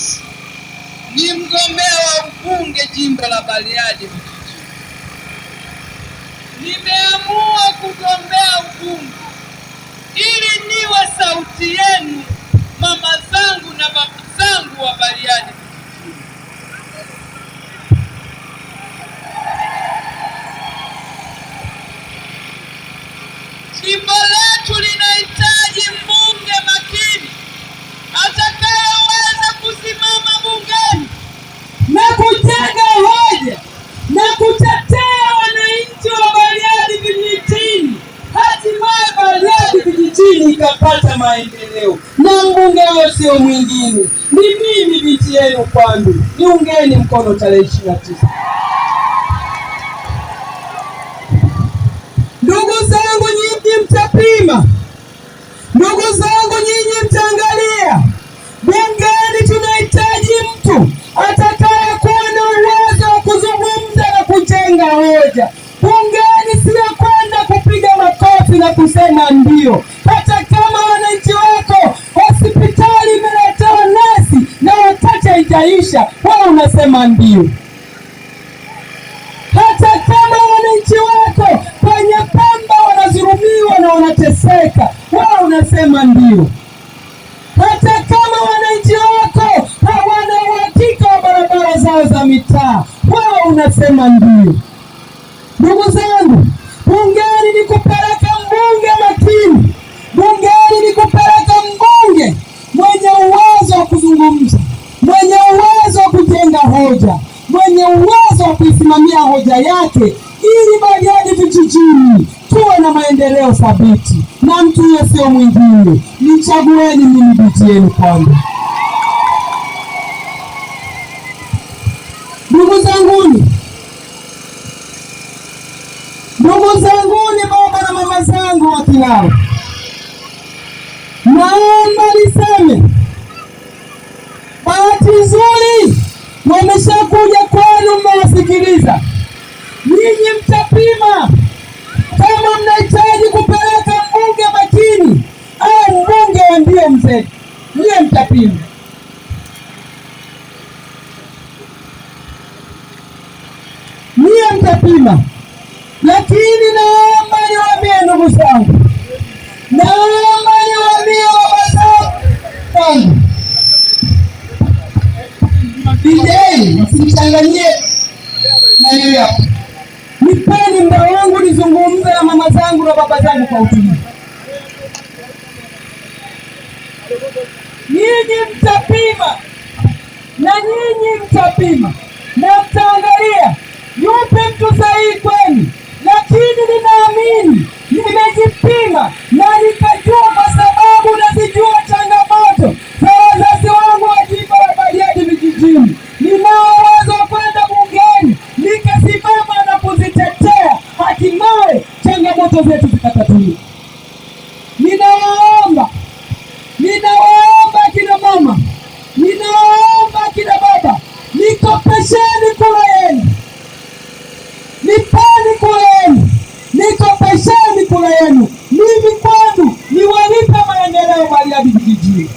urais, ni mgombea wa ubunge jimbo la Bariadi Vijijini. Nimeamua kugombea ubunge ili niwe sauti yenu, mama zangu na baba zangu wa Bariadi Vijijini. Jimbo letu lina mimi nikapata maendeleo, na mbunge huyo sio mwingine, ni mimi binti yenu Kwandu. Niungeni mkono tarehe ishirini na tisa. Ndugu zangu, nyinyi mtapima, ndugu zangu, nyinyi mtaangalia. Bungeni tunahitaji mtu atakaye kuwa na uwezo wa kuzungumza na kujenga hoja. Bungeni si kwenda kupiga makofi na kusema ndio hata kama wananchi wako hospitali imeletewa nesi na wakati haijaisha, wewe unasema ndio. Hata kama wananchi wako kwenye pamba wanazurumiwa na wanateseka, wewe unasema ndio. Hata kama wananchi wako hawana uhakika wa barabara zao za mitaa, wewe unasema ndio. kuzungumza, mwenye uwezo wa kujenga hoja, mwenye uwezo wa kuisimamia hoja yake, ili Bariadi vijijini tuwe na maendeleo thabiti, na mtu huyo sio mwingine. Nichagueni mimi binti kwangu. Ndugu zanguni, ndugu zanguni, baba na mama zangu wa Kilalo, naomba niseme wameshakuja kwenu, mnawasikiliza. Ninyi mtapima kama mnahitaji kupeleka mbunge makini au mbunge wa ndio mzee, niye mtapima. niye mtapima, lakini naomba niwaambie ndugu zangu Ndiyo, nipeni muda wangu nizungumze na mama zangu na baba zangu kwa utulivu. Nyinyi mtapima na nyinyi mtapima na mtaangalia ndoto zetu zikatatuliwa. Ninawaomba, ninawaomba kina mama, ninawaomba kina baba, nikopesheni kura yenu, nipeni kura yenu, nikopesheni kura yenu. Mimi kwanu niwalipe maendeleo Bariadi vijijini.